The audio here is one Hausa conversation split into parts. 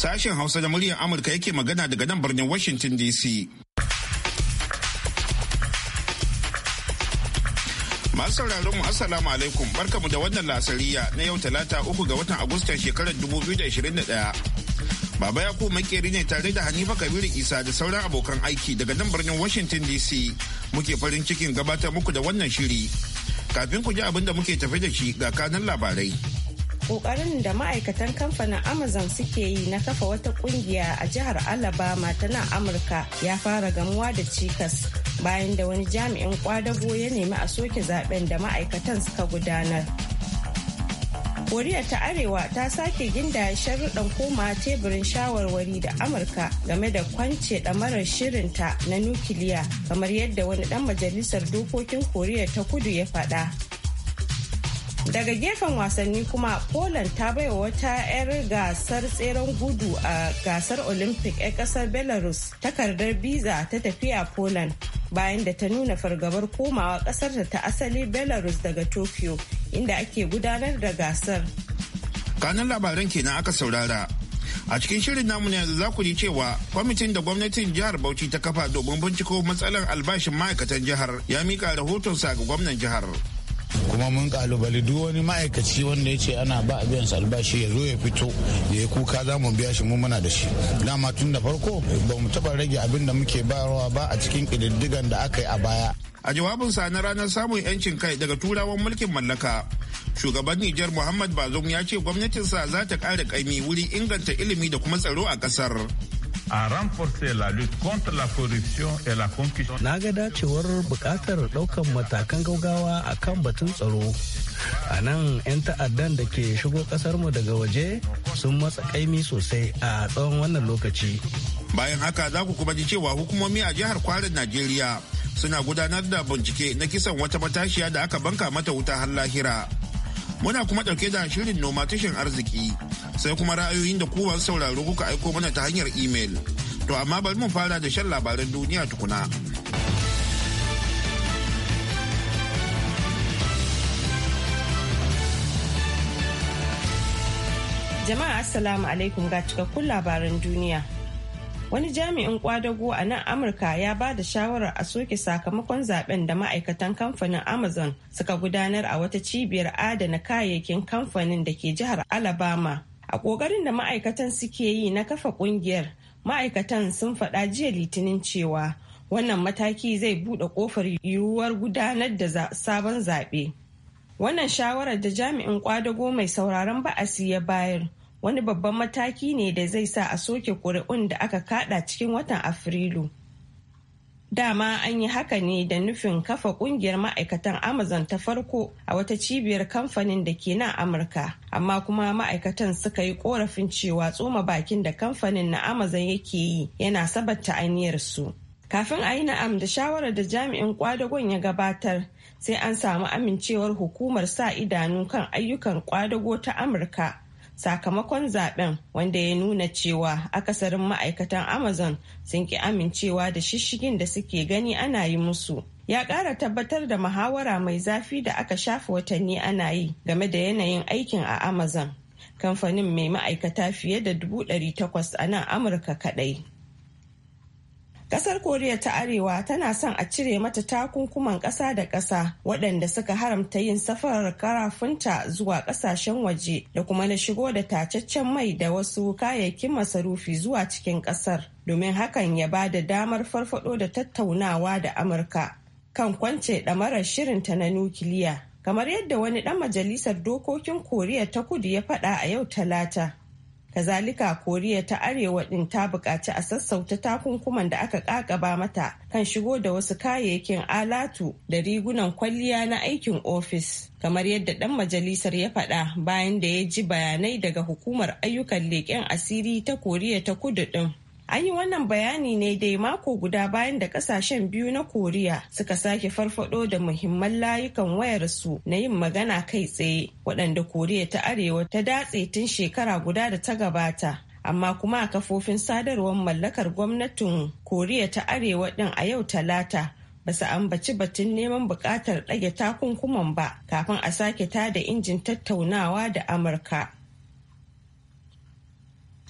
Sashen Hausa da muryar Amurka yake magana daga nan birnin Washington DC. Masu sauraron mu Assalamu alaikum barkamu da wannan lasariya na yau talata uku ga watan Agustan shekarar 2021. Baba Yaku makeri ne tare da Hanifa Kabiru Isa da sauran abokan aiki daga nan birnin Washington DC muke farin cikin gabatar muku da wannan shiri. Kafin ku ji abin da muke tafe da shi ga kanan labarai. kokarin da ma'aikatan kamfanin amazon suke yi na kafa wata kungiya a jihar alabama ta nan amurka ya fara gamuwa da cikas bayan da wani jami'in kwadago ya nemi a soke zaben da ma'aikatan suka gudanar koriya ta arewa ta sake ginda sharuɗan koma teburin shawarwari da amurka game da kwance ɗamarar shirinta na nukiliya kamar yadda wani ɗan majalisar dokokin koriya ta kudu ya faɗa daga gefen wasanni kuma poland ta baiwa wata 'yar gasar tseren gudu a gasar olympic 'yan kasar belarus takardar biza ta tafiya poland bayan da ta nuna fargabar komawa kasarta ta asali belarus daga tokyo inda ake gudanar da gasar kanan labaran kenan aka saurara a cikin shirin namu ne za ku ji cewa kwamitin da gwamnatin jihar bauchi ta kafa domin binciko matsalar albashin ma'aikatan jihar ya mika rahotonsa ga gwamnan jihar kuma mun kalubali duk wani ma'aikaci wanda ya ce ana ba a biyan albashi ya zo ya fito ya yi kuka za mu biya shi mu muna da shi dama tun da farko ba mu taba rage abin da muke bayarwa ba a cikin ƙididdigan da aka yi a baya a jawabinsa na ranar samun 'yancin kai daga turawan mulkin mallaka shugaban Nijar Muhammad Bazoum ya ce gwamnatinsa za ta ƙara ƙaimi wurin inganta ilimi da kuma tsaro a ƙasar. a renforcer la lutte contre la corruption et la Na ga dacewar bukatar daukan matakan gaugawa a kan batun tsaro. A nan 'yan ta'addan da ke shigo kasarmu daga waje sun matsa kaimi sosai a tsawon wannan lokaci. Bayan haka za ku kuma ji cewa hukumomi a jihar Kwarin Najeriya suna gudanar da bincike na kisan wata matashiya da aka banka mata wuta har lahira. Muna kuma ɗauke da shirin noma tushen arziki. sai kuma ra'ayoyin da ku masu sauraro kuka aiko mana ta hanyar imel. To amma bari mu fara da shan labaran duniya tukuna. Jama'a Assalamu alaikum ga cikakkun labaran duniya. Wani jami'in kwadago a nan Amurka ya ba da shawarar a soke sakamakon zaben da ma'aikatan kamfanin Amazon suka gudanar a wata cibiyar adana kayayyakin kamfanin da ke jihar Alabama. a ƙoƙarin da ma'aikatan suke yi na kafa ƙungiyar ma'aikatan sun faɗa jiya litinin cewa wannan mataki zai buɗe ƙofar yiwuwar gudanar da sabon zaɓe wannan shawarar da jami'in ƙwadago mai sauraron ba'asi ya bayar wani babban mataki ne da zai sa a soke ƙuri'un da aka kaɗa cikin watan afrilu Dama an yi haka ne da nufin kafa kungiyar ma'aikatan Amazon ta farko a wata cibiyar kamfanin da ke nan Amurka, amma kuma ma'aikatan suka yi korafin cewa tsoma bakin da kamfanin na Amazon yake yi yana sabata su. Kafin a yi na'am da shawarar da jami'in kwadagon ya gabatar, sai an samu amincewar hukumar sa idanu kan ayyukan kwadago ta Amurka. sakamakon zaben wanda ya nuna cewa akasarin ma'aikatan amazon sun ki amincewa da shishigin da suke gani ana yi musu ya ƙara tabbatar da muhawara mai zafi da aka shafa watanni ana yi game da yanayin aikin a amazon kamfanin mai ma'aikata fiye da 800 a nan amurka kaɗai. Kasar Koriya ta Arewa tana son a cire mata takunkuman ƙasa da ƙasa waɗanda suka haramta yin safarar karafunta zuwa ƙasashen waje da kuma na shigo da tacaccen mai da wasu kayayyakin masarufi zuwa cikin ƙasar domin hakan ya ba da damar farfado da tattaunawa da Amurka kan kwance ɗamarar shirinta na nukiliya. Kamar yadda wani ɗan majalisar dokokin Koriya ta kudu ya faɗa a yau talata. Kazalika Koriya ta Arewa ɗin ta buƙaci a sassauta takunkuman da aka ƙaƙaba mata kan shigo da wasu kayayyakin alatu da rigunan kwalliya na aikin ofis. Kamar yadda ɗan majalisar ya faɗa bayan da ya ji bayanai daga hukumar ayyukan leƙen asiri ta Koriya ta Kudu ɗin. An yi wannan bayani ne dai mako guda bayan da kasashen biyu na Koriya suka sake farfado da muhimman layukan wayarsu na yin magana kai tsaye waɗanda Koriya ta Arewa ta datse tun shekara guda da ta gabata. Amma kuma a kafofin sadarwar mallakar gwamnatin Koriya ta Arewa ɗin a yau talata basu ambaci batun neman buƙatar ɗage takunkuman ba kafin a sake tada injin tattaunawa da Amurka.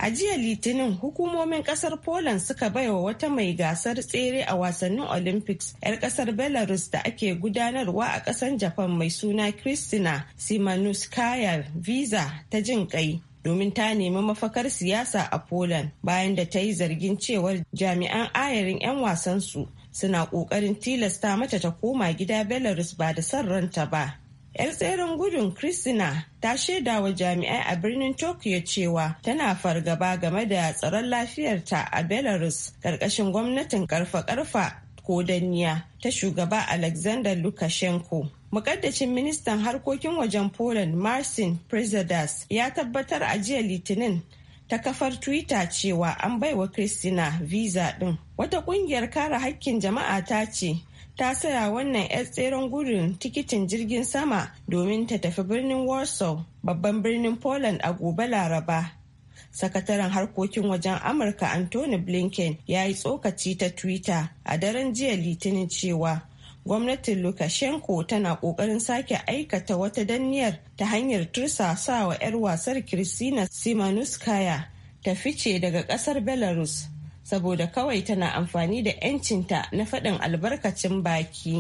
A jiya Litinin hukumomin kasar Poland suka baiwa wata mai gasar tsere a wasannin Olympics 'yar kasar Belarus da ake gudanarwa a kasar Japan mai suna Kristina Simanuskaya visa ta jin kai. domin ta nemi mafakar siyasa a Poland bayan da ta yi zargin cewar jami'an ayarin 'yan wasansu suna ƙoƙarin tilasta mata ta koma gida Belarus ba da son ranta ba. 'Yar tseren gudun Kristina ta shaida wa jami'ai a birnin Tokyo cewa tana fargaba game da tsaron lafiyarta a Belarus ƙarƙashin gwamnatin karfa-karfa ko danniya ta shugaba Alexander Lukashenko. Mukaddacin ministan harkokin wajen Poland Marcin Prezadas ya tabbatar a jiya Litinin ta kafar Twitter cewa an baiwa Kristina visa ɗin. Wata ƙungiyar kare haƙƙin jama'a ta ce ta saya wannan 'yar tseren gudun tikitin jirgin sama domin ta tafi birnin warsaw babban birnin poland a gobe laraba sakataren harkokin wajen amurka anthony blinken ya yi tsokaci ta twitter a daren jiya litinin cewa gwamnatin lukashenko tana kokarin sake aikata wata danniyar ta hanyar tursasawa 'yar wasar kristina simonuskaya ta fice daga kasar belarus saboda kawai tana amfani da 'yancinta na faɗin albarkacin baki.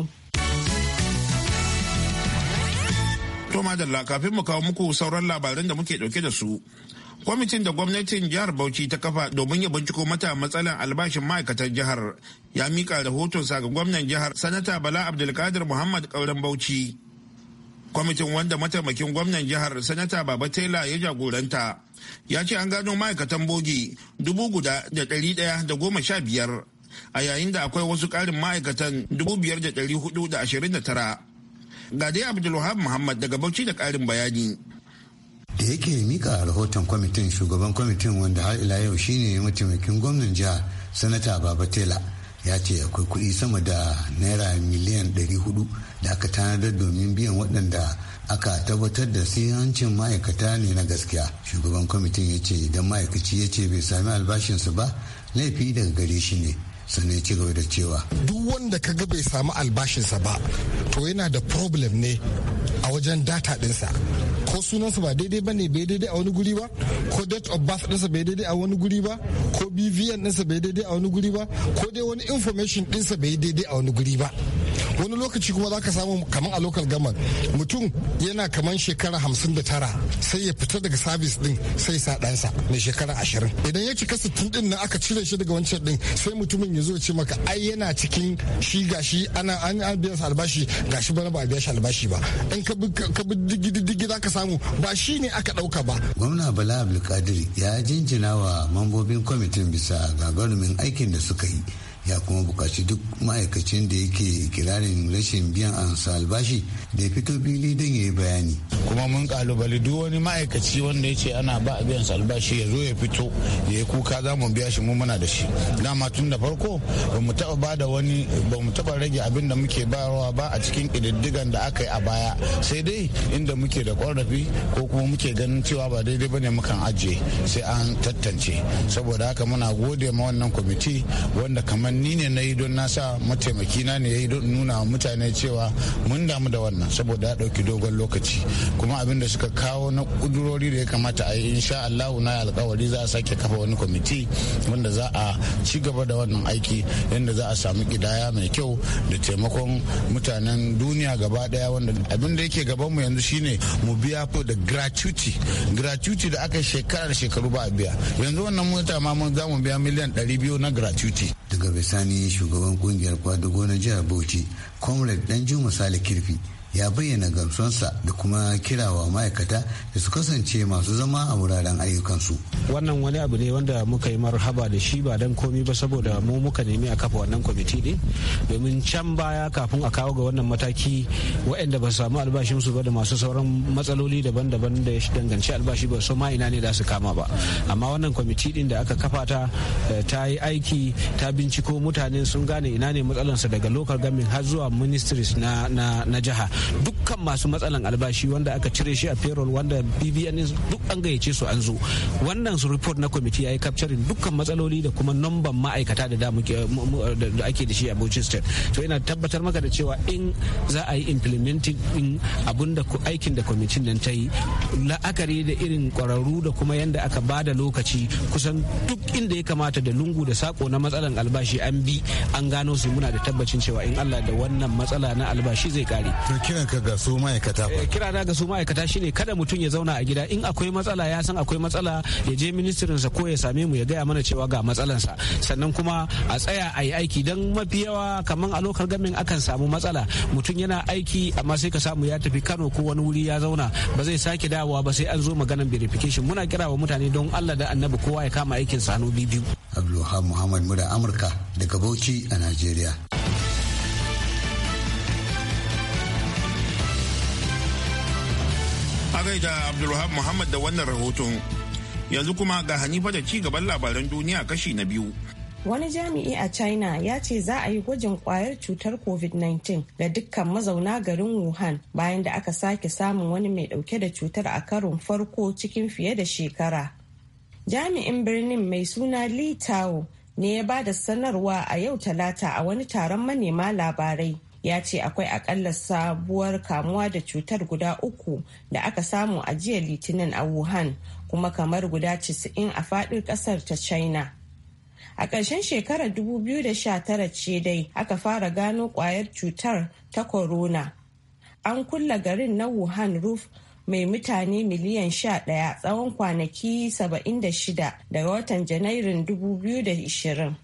Toma kafin mu kawo muku sauran labaran da muke ɗauke da su. kwamitin da gwamnatin jihar bauchi ta kafa domin ya binciko mata matsalar albashin ma'aikatan jihar ya mika sa ga gwamnan jihar sanata bala abdulkadir muhammad kauran bauchi kwamitin wanda mataimakin gwamnan jihar sanata baba taylor ya jagoranta ya ce an gano ma'aikatan bogi dubu guda da ɗari ɗaya da goma sha biyar a yayin da akwai wasu ƙarin ma'aikatan dubu biyar da ɗari hudu da ashirin da tara ga dai abdulwahab muhammad daga bauchi da ƙarin bayani da yake mika rahoton kwamitin shugaban kwamitin wanda har ila yau shine mataimakin gwamnan jiha sanata baba tela ya ce akwai kuɗi sama da naira miliyan hudu da aka tanadar domin biyan waɗanda aka tabbatar da siyancin ma'aikata ne na gaskiya shugaban kwamitin ya ce idan ma'aikaci ya ce bai sami albashinsa ba laifi daga gare shi ne sannan ya ci gaba da cewa duk wanda ka ga bai sami albashinsa ba to yana da problem ne a wajen data dinsa ko sunansa ba daidai ba ne bai daidai a wani guri ba ko date of birth dinsa bai daidai a wani guri ba ko bvn dinsa bai daidai a wani guri ba ko dai wani information ɗinsa bai daidai a wani guri ba wani lokaci kuma za ka samu kamar a lokal gamar mutum yana kamar shekara hamsin da tara sai ya fita daga sabis din sai sa ɗansa mai shekara ashirin idan ya cika sittin din nan aka cire shi daga wancan din sai mutumin ya zo ce maka ai yana cikin shi gashi ana an biya su albashi gashi bana ba a biya shi albashi ba in ka bi digi za ka samu ba shi ne aka ɗauka ba. gwamna bala abdulkadir ya jinjina wa mambobin kwamitin bisa gagarumin aikin da suka yi ya kuma bukaci duk ma'aikacin da yake kirarin rashin biyan ansa albashi da ya fito fili don ya yi bayani kuma mun kalubali duk wani ma'aikaci wanda ya ce ana ba a biyan albashi ya zo ya fito ya yi kuka za mu biya shi mu muna da shi dama tun da farko ba mu taba bada wani ba mu taba rage abin da muke bayarwa ba a cikin kididdigan da aka yi a baya sai dai inda muke da ƙorafi ko kuma muke ganin cewa ba daidai ba ne mukan ajiye sai an tattance saboda haka muna gode ma wannan kwamiti wanda kamar kuma ne na yi don nasa sa mataimaki na ne ya yi don nuna mutane cewa mun damu da wannan saboda ya dauki dogon lokaci kuma abin da suka kawo na kudurori da ya kamata a yi insha Allah na alkawari za a sake kafa wani kwamiti wanda za a ci gaba da wannan aiki yadda za a samu kidaya mai kyau da taimakon mutanen duniya gaba daya wanda abin da yake gaban mu yanzu shine mu biya ko da gratuity gratuity da aka shekara da shekaru ba a biya yanzu wannan mota ma mun za mu biya miliyan 200 na gratuity daga sani shugaban kungiyar kwadugo na jihar bauchi comrade dan juma sale kirfi ya bayyana gamsuwansa da kuma kirawa ma'aikata da su kasance masu zama a wuraren ayyukansu. Wannan wani abu ne wanda muka yi marhaba da shi ba dan komi ba saboda mu muka nemi a kafa wannan kwamiti din domin can baya kafin a kawo ga wannan mataki waɗanda ba su samu albashinsu ba da masu sauran matsaloli daban-daban da ya danganci albashi ba so ma ina ne za su kama ba amma wannan kwamiti din da aka kafa ta eh, ta yi aiki ta binciko mutane sun gane ina ne matsalansa daga local gamin har zuwa ministries na jiha dukkan masu matsalan albashi wanda aka cire shi a payroll wanda bbn duk an gayyace su an zo wannan su report na kwamiti ya yi capturing dukkan matsaloli da kuma namban ma'aikata da ake da shi a bauchi state to ina tabbatar maka da cewa in za a yi implementing din abun da aikin da kwamitin nan ta yi la'akari da irin kwararru da kuma yanda aka ba da lokaci kusan duk inda ya kamata da lungu da sako na matsalan albashi an bi an gano su muna da tabbacin cewa in allah da wannan matsala na albashi zai kare kiran ka ga su ma'aikata ba eh, kira na ga su ma'aikata shine kada mutum ya zauna a gida in akwai matsala ya san akwai matsala ya je ministirin sa ko ya same mu ya gaya mana cewa ga sa sannan kuma a tsaya a yi aiki dan mafi yawa kamar a lokal gamin akan samu matsala mutum yana aiki amma sai ka samu ya tafi Kano ko wani wuri ya zauna ba zai sake dawowa ba sai an zo maganan verification muna kira wa mutane don Allah da annabi kowa ya kama aikin sa hannu biyu Abdulhamid Muhammad Mura Amurka daga Bauchi a Najeriya. A gaida Abdulrahman Muhammad da wannan rahoton. Yanzu kuma ga Hanifa da ci gaban labaran duniya kashi na biyu. Wani jami'i a China ya ce za a yi gwajin kwayar cutar COVID-19 ga dukkan mazauna garin Wuhan bayan da aka sake samun wani mai dauke da cutar a karon farko cikin fiye da shekara. Jami'in birnin mai suna Li Tao ne ya ba da sanarwa a yau talata a wani taron manema labarai ya ce akwai akalla sabuwar kamuwa da cutar guda uku da aka samu a jiya litinin a wuhan kuma kamar guda 90 a faɗin ƙasar ta china a ƙarshen shekarar 2019 ce dai aka fara gano kwayar cutar ta corona an kulla garin na wuhan roof mai mutane miliyan 11 tsawon kwanaki 76 daga watan janairun 2020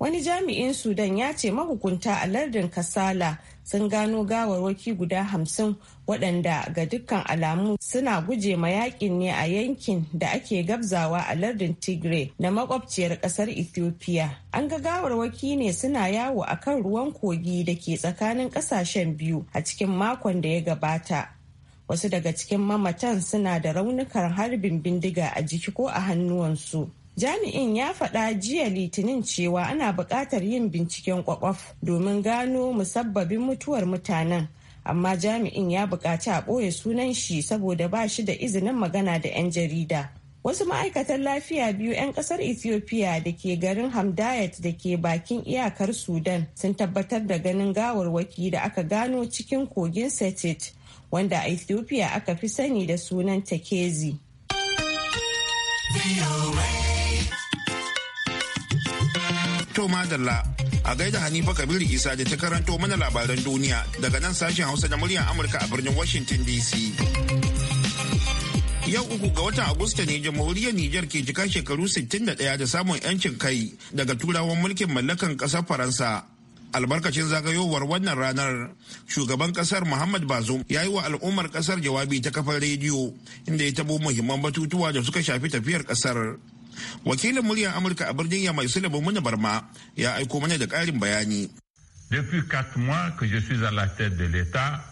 wani jami'in sudan ya ce mahukunta a lardin kasala sun gano gawarwaki guda hamsin waɗanda ga dukkan alamu suna guje ma yakin ne a yankin da ake gabzawa a lardin tigray na makwabciyar ƙasar ethiopia an ga gawarwaki ne suna yawo a kan ruwan kogi da ke tsakanin ƙasashen biyu a cikin makon da ya gabata wasu daga cikin mamatan suna da raunukan harbin bindiga a jiki ko a hannuwansu Jami'in ya faɗa jiya Litinin cewa ana buƙatar yin binciken kwakwaf domin gano musabbabin mutuwar mutanen. Amma jami'in ya buƙaci a ɓoye sunan shi saboda ba shi da izinin magana da 'yan jarida. Wasu ma'aikatan lafiya biyu 'yan ƙasar Ethiopia da ke garin Hamdayat da ke bakin iyakar Sudan sun tabbatar da ganin gawarwaki da aka gano cikin kogin Setit, wanda a Ethiopia aka fi sani da sunan Takezi. To madalla a gaida Hanifa Kabiru Isa da ta karanto mana labaran duniya daga nan sashen Hausa da muryar Amurka a birnin Washington DC. Yau uku ga watan Agusta ne jamhuriyar Nijar ke jika shekaru 61 da samun 'yancin kai daga turawan mulkin mallakan ƙasar Faransa. albarkacin zagayowar wannan ranar shugaban kasar muhammad bazoum ya yi wa al'ummar kasar jawabi ta kafar rediyo inda ya tabo muhimman batutuwa da suka shafi tafiyar kasar wakilin muryar amurka a birnin yamai sulaiman muna barma ya aiko mana da karin bayani Depuis quatre mois que je suis à la tête de l'État,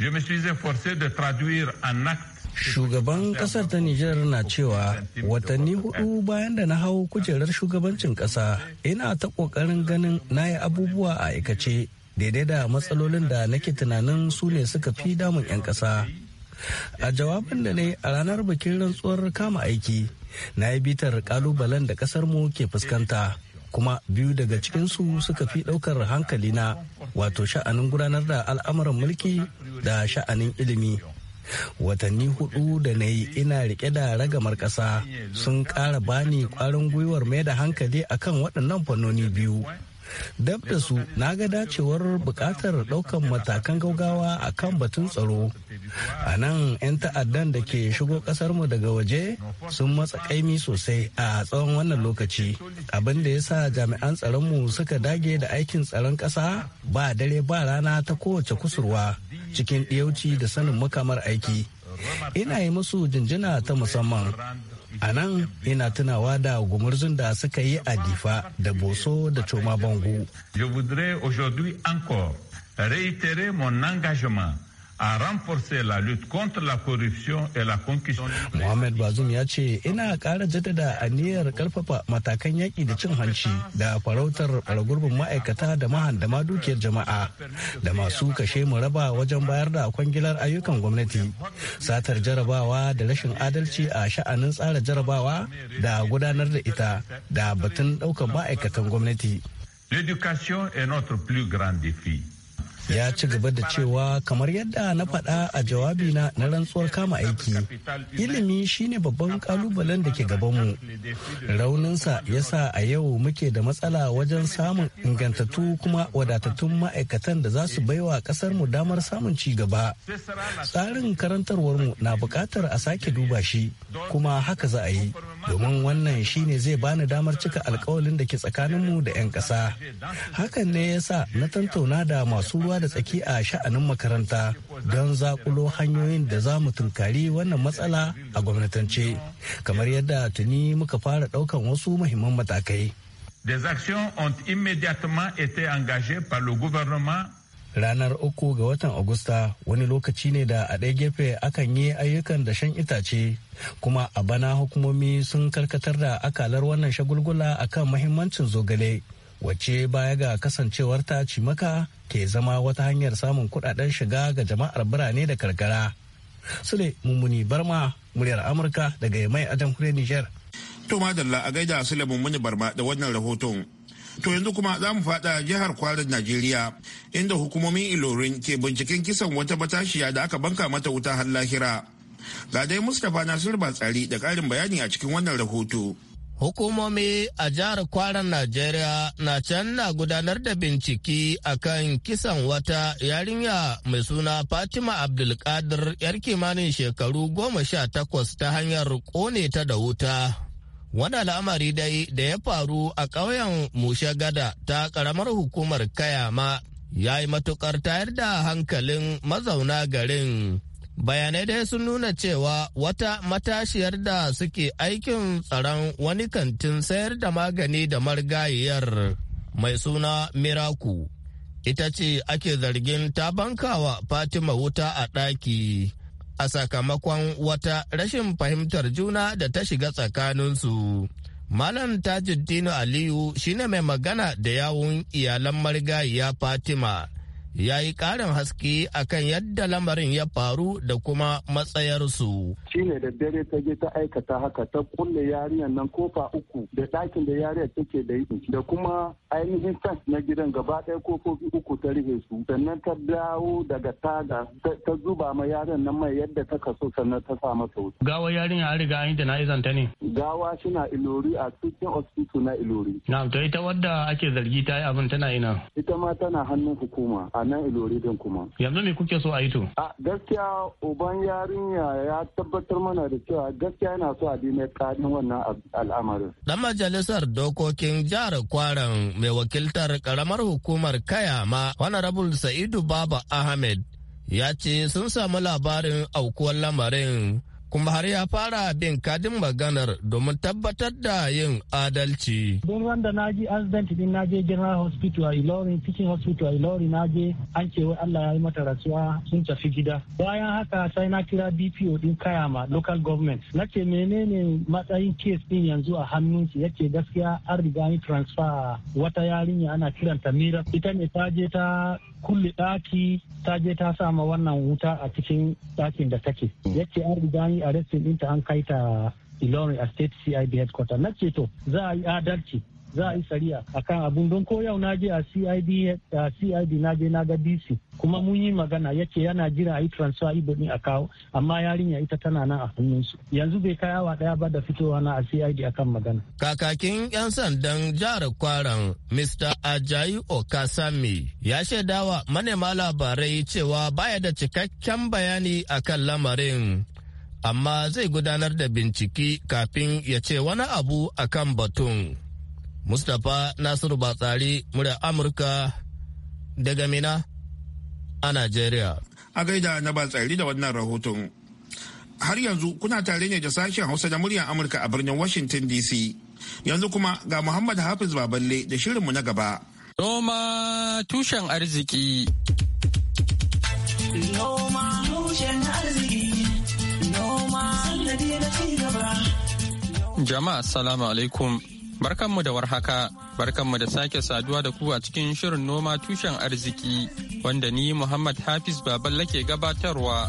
je me suis efforcé de traduire en acte Shugaban kasar ta Nijar na cewa watanni hudu bayan da na hau kujerar shugabancin kasa ina ta kokarin ganin na yi abubuwa a aikace daidai da matsalolin da nake tunanin su ne suka fi damun 'yan kasa. A jawabin da ne a ranar bikin rantsuwar kama aiki, na yi bitar kalubalen da kasar mu ke fuskanta kuma biyu daga cikinsu suka fi ɗaukar hankali na wato sha'anin gudanar da al'amuran mulki da sha'anin ilimi watanni hudu da na yi ina rike da ragamar ƙasa sun ƙara bani ƙwarin gwiwar mai da hankali akan waɗannan fannoni biyu dab da su na ga dacewar bukatar daukan matakan gaugawa a kan batun tsaro a nan 'yan ta'addan da ke shigo kasarmu daga waje sun matsa kaimi sosai a tsawon wannan lokaci abin da ya sa jami'an tsaronmu suka dage da aikin tsaron ƙasa ba dare ba rana ta kowace kusurwa cikin ɗiyauci da sanin makamar aiki ina yi musu jinjina ta musamman A nan ina tunawa da gumurzun da suka yi a Difa da Boso da Coma Bango. Je voudrais aujourd'hui encore réitérer mon engagement à renforcer la lutte contre la corruption et la conquista. Mohamed Bazoum ya ce ina ƙara jaddada aniyar karfafa matakan yaƙi da cin hanci da farautar ragurbin ma'aikata da mahandama dukiyar jama'a da masu kashe mu raba wajen bayar da kwangilar ayyukan gwamnati satar jarabawa da rashin adalci a sha'anin tsara jarabawa da gudanar da ita da batun ɗaukar ma'aikatan gwamnati. L'éducation est notre plus grand défi. ya ci gaba da cewa kamar yadda na faɗa a jawabina na rantsuwar kama aiki ilimi shine babban kalubalen da ke gabanmu rauninsa yasa a yau muke da matsala wajen samun ingantattu kuma wadatattun ma'aikatan da za su baiwa mu damar samun ci gaba tsarin karantarwarmu na buƙatar a sake duba shi kuma haka za a yi domin wannan shine zai bani damar cika alkawalin da ke tsakaninmu da 'yan ƙasa hakan ne yasa na tantauna da masu ruwa da tsaki a sha'anin makaranta don zakulo hanyoyin da za mu tunkari wannan matsala a gwamnatance kamar yadda tuni muka fara ɗaukan wasu muhimman matakai Des ont immédiatement été engagées par le gouvernement ranar uku ga watan agusta wani lokaci ne da a ɗaya gefe akan yi ayyukan da shan itace kuma a bana hukumomi sun karkatar da akalar wannan shagulgula akan mahimmancin zogale wacce baya ga kasancewar kasancewarta cimaka ke zama wata hanyar samun kudaden shiga ga jama'ar birane da karkara. Sule Mummuni Barma, muryar Amurka daga Yamai a jamhuriyar Nijar. To madalla a gaida Sule Mummuni Barma da wannan rahoton To yanzu kuma za mu faɗa jihar kwarin Najeriya inda hukumomin Ilorin ke binciken kisan wata matashiya da aka banka mata wuta har lahira. Ga dai Mustapha Nasir Batsari da karin bayani a cikin wannan rahoto. Hukumomi a jihar kwaran Najeriya na can na gudanar da bincike akan kisan wata yarinya mai suna Fatima Abdulkadir 'yar kimanin shekaru goma sha takwas ta hanyar kone ta da wuta. Wani al'amari dai da ya faru a ƙauyen Mushagada ta ƙaramar hukumar Kayama ya yi matuƙar tayar da hankalin mazauna garin. Bayanai dai sun nuna cewa wata matashiyar da suke aikin tsaron wani kantin sayar da magani da margayiyar mai suna Miraku. Ita ce ake zargin ta bankawa Fatima wuta a ɗaki. a sakamakon wata rashin fahimtar juna da ta shiga tsakaninsu. Malam Tajuddinu Aliyu shine mai magana da yawun iyalan marigayiya Fatima ya yi ƙarin haske akan yadda lamarin ya faru da kuma matsayarsu. Shi ne da dare ta je ta aikata haka ta kulle yarinyar nan kofa uku da ɗakin da yarinyar take da yi da kuma ainihin fence na gidan gaba ɗaya kofofi uku ta rufe su sannan ta dawo daga taga ta zuba ma yarinyar nan mai yadda ta kaso sannan ta sa masa wuta. Gawa yarinya an riga an yi da na'izan ta ne. Gawa shi na ilori a cikin hospital na ilori. Na ta ita wadda ake zargi ta yi abin tana ina. Ita ma tana hannun hukuma a nan iloridin kuma. Yanzu me kuke so a yi to? A gaskiya uban yarinya ya tabbatar mana da cewa gaskiya yana so a bi mai kadin wannan al'amarin. Dan majalisar dokokin jihar Kwaran mai wakiltar karamar hukumar kaya Kayama Honorable Sa'idu Baba Ahmed ya ce sun samu labarin aukuwar lamarin kuma har ya fara bin kadin maganar domin tabbatar da yin adalci. Don wanda na ji accident din na je General Hospital a Ilorin, Teaching Hospital a Ilorin na je an ce wai Allah ya yi mata rasuwa sun tafi gida. Bayan haka sai na kira BPO din Kayama local government. Na ce menene matsayin case din yanzu a hannun shi yake gaskiya an riga ni transfer wata yarinya ana kiranta Mira. Ita ne ta je ta Kulli ɗaki ta je ta sama wannan wuta a cikin ɗakin da take hmm. yace an riga ni arrestin ɗinta an kai ta Ilorin a state CID headquarter na ce to za a yi adalci za a yi shari'a akan abun don ko yau na je a CID a CID na je na ga DC kuma mun yi magana yake yana jira a yi transfer ibo ne a kawo amma yarinya ita tana nan a hannunsu yanzu bai kai awa daya ba da fitowa na a CID akan magana kakakin yan sandan jihar Kwaran Mr. Ajayi Okasami ya shaidawa manema labarai cewa baya da cikakken bayani akan lamarin amma zai gudanar da bincike kafin ya ce wani abu akan batun. Mustapha Nasiru Batsari murya Amurka daga Mina a Najeriya. A gaida na Batsari da wannan rahoton. Har yanzu kuna tare ne da sashen Hausa da muryar Amurka a birnin Washington DC. Yanzu kuma ga Muhammad Hafiz Baballe da shirinmu na gaba. Noma tushen arziki. Noma tushen arziki. Noma na ci Jama'a salamu alaikum. Barkanmu da warhaka, barkanmu da sake saduwa da ku a cikin shirin noma tushen arziki wanda ni Muhammad Hafiz Baballa ke gabatarwa.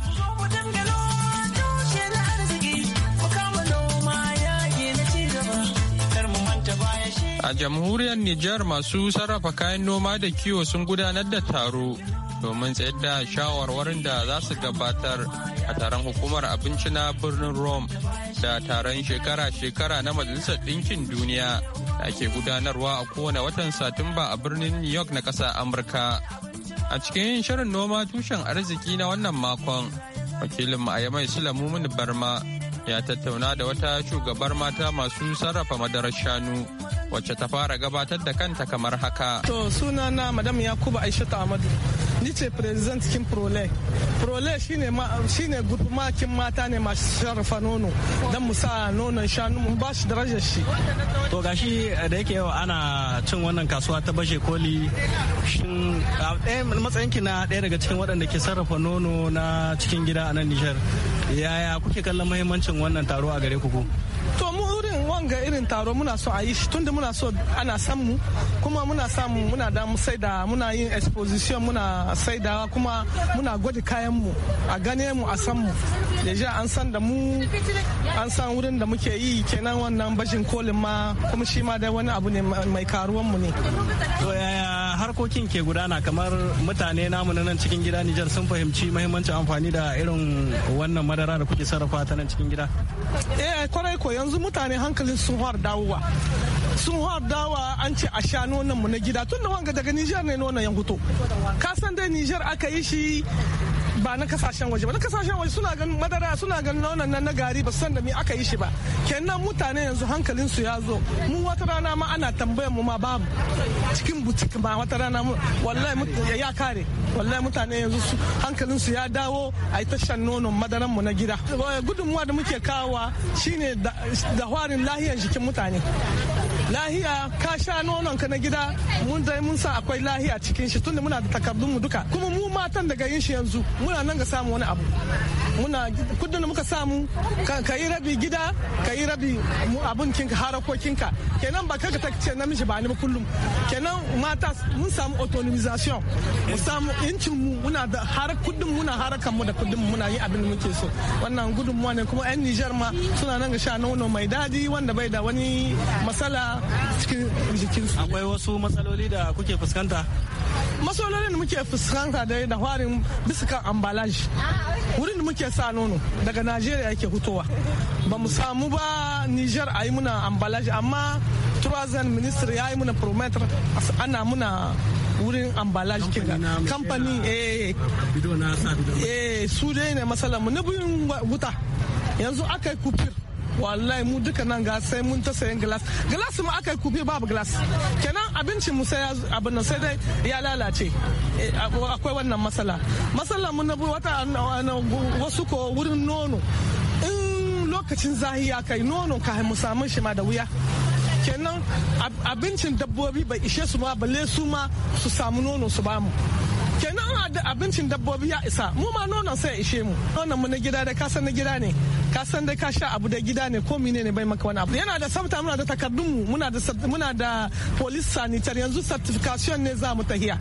A jamhuriyar Nijar masu sarrafa kayan noma da kiwo sun gudanar da taro domin tsayar da shawarwarin da za su gabatar a taron hukumar abinci na birnin Rome. da taron shekara-shekara na Majalisar Ɗinkin Duniya da ake gudanarwa a kowane watan Satumba a birnin New York na ƙasa Amurka. A cikin shirin noma tushen arziki na wannan makon, wakilin ma'ayyamai Sulamu Mini Barma ya tattauna da wata shugabar mata masu sarrafa madarar shanu wacce ta fara gabatar da kanta kamar haka. To sunana Madam Yakubu Aishatu ahmadu ni ce president kin prole prole shine shine gudumakin mata ne masu sarrafa nono dan mu sa nonon shanu mu ba shi darajar shi to gashi eh, da yake yau ana cin wannan kasuwa ta bashe koli shin matsayin ki na ɗaya daga cikin waɗanda ke sarrafa nono na cikin gida a nan Nijar yaya kuke kallon muhimmancin wannan taro a gare ku to mu ga irin taro muna so a yi shi tunda muna so ana san mu kuma muna samu muna da mu sai muna yin exposition muna saidawa kuma muna gwada kayan mu a gane mu a san mu deja an san da mu an san wurin da muke yi kenan wannan bashin kolin ma kuma shi ma dai wani abu ne mai karuwan mu ne to yaya harkokin ke gudana kamar mutane namu nan cikin gida Nijar sun fahimci mahimmancin amfani da irin wannan madara da kuke sarrafa ta nan cikin gida? Eh kwarai ko yanzu mutane hankalin sun har dawowa. Sun har dawowa an ce a sha nonon mu na gida tun da wanga daga Nijar ne nonon yan fito. Ka san dai Nijar aka yi shi ba na kasashen waje ba na kasashen waje suna ganin madara suna ganin nonon nan na gari ba san da me aka yi shi ba kenan mutane yanzu hankalin su ya zo mu wata rana ma ana tambayar mu ma babu cikin butik ma wata rana mu wallahi ya kare wallahi mutane yanzu su hankalin su ya dawo a ta shan nonon madaran mu na gida gudunmuwa da muke kawowa shine da hwarin lahiyar jikin mutane lahiya ka sha nonon ka na gida mun dai mun sa akwai lahiya cikin shi tunda muna da takardun mu duka kuma matan daga yin shi yanzu muna nan ga samu wani abu muna kudin da muka samu ka yi rabi gida ka yi rabi abun kinka harakokinka kenan ba kanka ta ce namiji ba ni kullum kenan mata mun samu autonomization mu samu incin mu muna da har kudin muna harakan mu da kudin muna yi abin da muke so wannan mu ne kuma yan Nijar ma suna nan ga sha nono mai dadi wanda bai da wani matsala cikin jikinsu akwai wasu matsaloli da kuke fuskanta matsalolin da muke fuskanta da ne eh, da farin bisa kan ambalaji wurin da muke sa nono daga najeriya yake hutowa ba mu samu ba niger a yi muna ambalaji amma turazan minister ya yi muna prometer ana muna wurin ambalage kin kamfani eh, eh su dai ne matsalar mu na wuta yanzu aka yi kufir wallahi mu duka nan ga sai mun ta sayan glass glass mu aka kufi babu glass kenan abincin mu sai abin nan sai dai ya lalace eh, akwai wannan masala masala mun na wata wasu ko wurin nono in lokacin zahi ya kai nono ka mu samu shi ma da wuya kenan abincin dabbobi bai ishe su ma balle su ma su samu nono su bamu kenan abincin dabbobi ya isa mu ma nonon sai ishe mu nonon mu na gida da kasan na gida ne kasan da ka sha abu da gida ne ko mine ne bai maka wani abu yana da sabta muna da takardun mu muna da muna da police sanitar yanzu certification ne za mu tahiya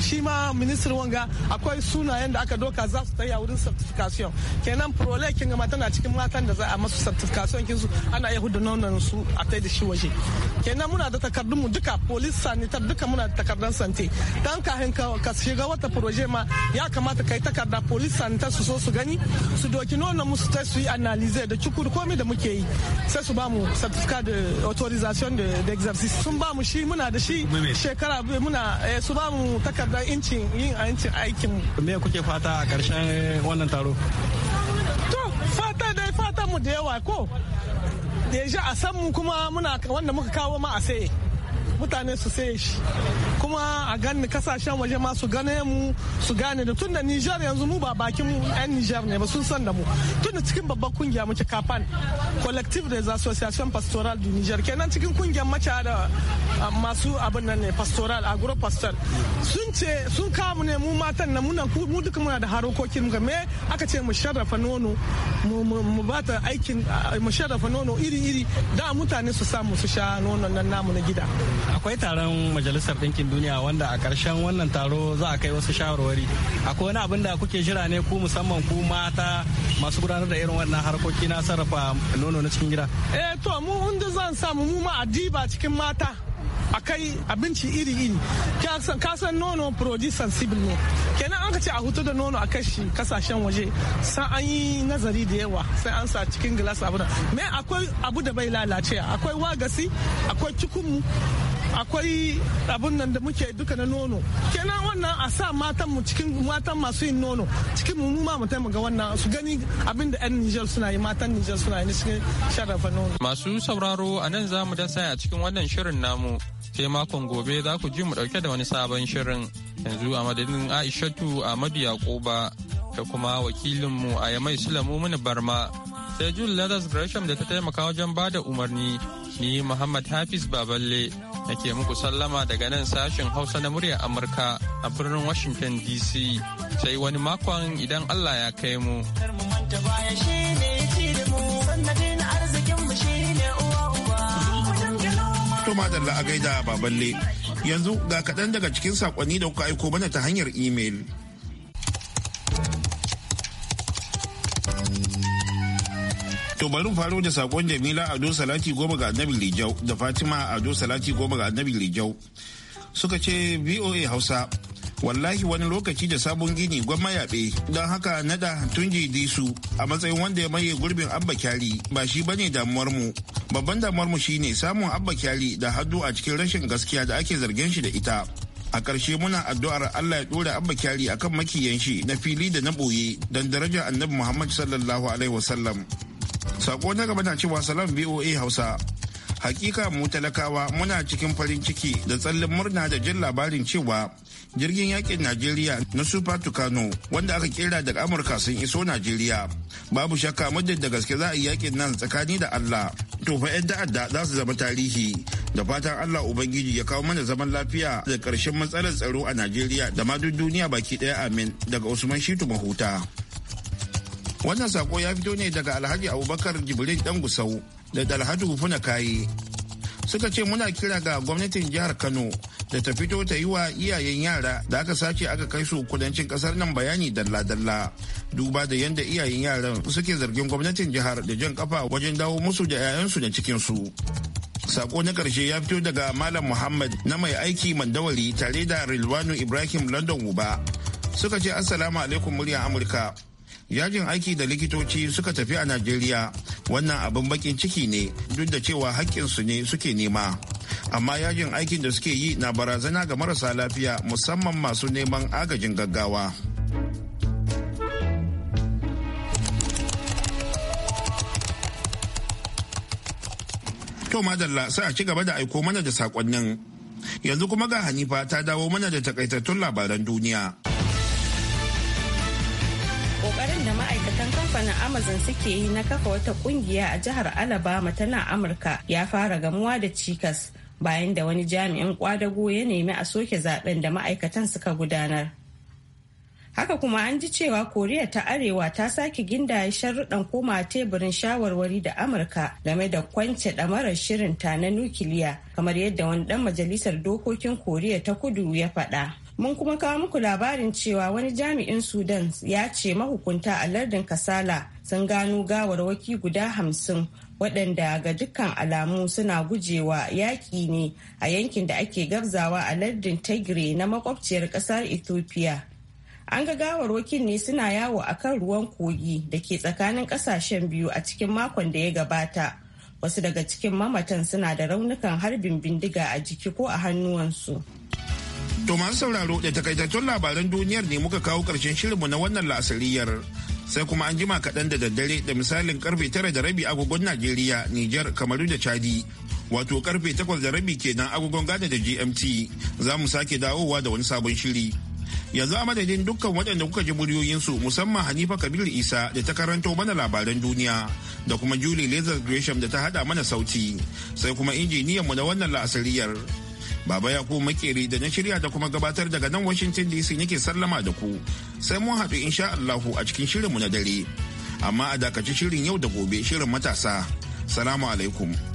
shi ma minister wanga akwai sunayen da aka doka za su tahiya wurin certification kenan prole kin ga tana cikin matan da za a masu certification kin su ana iya hudu nonon su a tai da shi waje kenan muna da takardun mu duka police sanitar duka muna da takardun sante dan kahin ka shiga wata proje ma ya kamata kai takarda police santa su so su gani su doki nonon musu ta su yi analyse da cukur komai da muke yi sai su ba mu certificate de autorisation de exercice sun ba mu shi muna da shi shekara muna eh, su ba mu takarda incin yin incin aikin mu me kuke fata a karshen wannan taro to fata dai fata mu da yawa ko deja a san mu kuma muna wanda muka kawo ma a sai mutane su sai shi kuma a gani kasashen waje ma su gane mu su gane da tunda Nijar yanzu mu ba bakin 'yan Nijar ne ba sun san da mu tunda cikin babban kungiya muke kafan collective des association pastoral du Niger kenan cikin kungiyar mace da masu abin nan ne pastoral agro pastoral sun ce sun kamu ne mu matan na muna mu duka muna da harokokin mu me aka ce mu sharrafa nono mu ba ta aikin mu sharrafa nono iri iri da mutane su samu su sha nono nan namu na gida akwai taron majalisar ɗinkin duniya wanda a karshen wannan taro za a kai wasu shawarwari akwai wani abin da kuke jira ne ku musamman ku mata masu gudanar da irin wannan harkoki na sarrafa nono na cikin gida eh to mu inda zan samu mu ma adiba cikin mata akai abinci iri-iri kasan nono produce sensible ne kenan an ka ce a hutu da nono a kashi kasashen waje sai an yi nazari da yawa sai an sa cikin gilas abu da me akwai abu da bai lalace akwai wagasi akwai cikunmu akwai abun nan da muke duka na nono kenan wannan a sa matan mu cikin matan masu yin nono cikin mu ma mu taimaka wannan su gani abin da yan Nijar suna yi matan Nijar suna yi cikin sharafa nono masu sauraro a nan za mu dasa a cikin wannan shirin namu sai makon gobe za ku ji mu ɗauke da wani sabon shirin yanzu a madadin aishatu ahmadu yakuba da kuma wakilinmu a yamai sulamu mini barma sai jul ladas gresham da ta taimaka wajen ba da umarni ni muhammad hafiz baballe ke muku sallama daga nan sashen hausa na muryar amurka a birnin washington dc sai wani makon idan allah ya kai mu. To madalla a gaida baballe. Yanzu ga kaɗan daga cikin sakonni da kuka aiko mana ta hanyar imel. To bari faro da sakon Jamila Ado Salati goma ga Annabi Lijau da Fatima Ado Salati goma ga Annabi lijau Suka ce VOA Hausa wallahi wani lokaci da sabon gini gwamma yaɓe don haka nada tunji disu a matsayin wanda ya maye gurbin abba kyari ba shi bane damuwar mu babban damuwar mu shine samun abba kyari da haddu a cikin rashin gaskiya da ake zargin shi da ita a ƙarshe muna addu'ar Allah ya ɗora abba kyari akan makiyan shi na fili da na ɓoye don darajar annabi Muhammad sallallahu alaihi wasallam sako na gaba na cewa salam BOA Hausa hakika mu talakawa muna cikin farin ciki da tsallin murna da jin labarin cewa jirgin yakin najeriya na super tucano wanda aka kera daga amurka sun iso najeriya babu shakka muddin da gaske za a yi yakin nan tsakani da allah to fa yan ta'adda za su zama tarihi da fatan allah ubangiji ya kawo mana zaman lafiya da karshen matsalar tsaro a najeriya da ma duk duniya baki daya amin daga usman shitu mahuta wannan sako ya fito ne daga alhaji abubakar jibrin dan gusau da dalhatu funa kayi suka ce muna kira ga gwamnatin jihar kano da ta fito ta yi wa iyayen yara da aka sace aka kai su kudancin kasar nan bayani dalla-dalla duba da yadda iyayen yaran suke zargin gwamnatin jihar da jan kafa wajen dawo musu da 'ya'yansu da cikinsu sako na karshe ya fito daga malam muhammad na mai aiki mandawari tare da rilwanu ibrahim london uba suka ce assalamu alaikum muryar amurka yajin aiki da likitoci suka tafi a najeriya wannan abin bakin ciki ne duk da cewa haƙƙinsu ne suke nema amma yajin aikin da suke yi na barazana ga marasa lafiya musamman masu neman agajin gaggawa to madalla sai a ci gaba da aiko mana da saƙonnin yanzu kuma ga hanifa ta dawo mana da takaitattun labaran duniya kokarin da ma'aikatan kamfanin amazon suke yi na kafa wata kungiya a jihar alabama ta nan amurka ya fara gamuwa da cikas bayan da wani jami'in kwadago ya nemi a soke zaben da ma'aikatan suka gudanar haka kuma an ji cewa koriya ta arewa ta sake ginda sharuɗan koma teburin shawarwari da amurka game da kwance ɗamarar shirinta na nukiliya kamar yadda wani ɗan majalisar dokokin koriya ta kudu ya faɗa Mun kuma kawo muku labarin cewa wani jami'in Sudan ya ce mahukunta a lardin Kasala sun gano gawarwaki guda hamsin waɗanda ga dukkan alamu suna gujewa yaƙi ne a yankin da ake gabzawa a lardin Tigray na makwabciyar ƙasar Ethiopia. An ga gawarwakin ne suna yawo a kan ruwan kogi da ke tsakanin ƙasashen biyu a cikin makon da ya gabata. Wasu daga cikin mamatan suna da raunukan harbin bindiga a jiki ko a hannuwansu. To masu sauraro da takaitattun labaran duniyar ne muka kawo ƙarshen shirinmu na wannan la'asariyar. Sai kuma an jima kaɗan da daddare da misalin karfe tara da rabi agogon Najeriya, Nijar, Kamaru da Chadi. Wato karfe takwas da rabi kenan agogon Ghana da GMT. Za mu sake dawowa da wani sabon shiri. Yanzu a madadin dukkan waɗanda kuka ji muryoyinsu musamman Hanifa Kabiru Isa da ta karanto mana labaran duniya da kuma Julie Lazar Gresham da ta haɗa mana sauti. Sai kuma injiniyanmu na wannan la'asariyar. Baba Yakubu makeri da na shirya da kuma gabatar daga nan Washington DC nake sallama da ku. Sai mun haɗu insha Allahu a cikin shirinmu na dare. Amma a dakaci shirin yau da gobe shirin matasa. Salamu alaikum.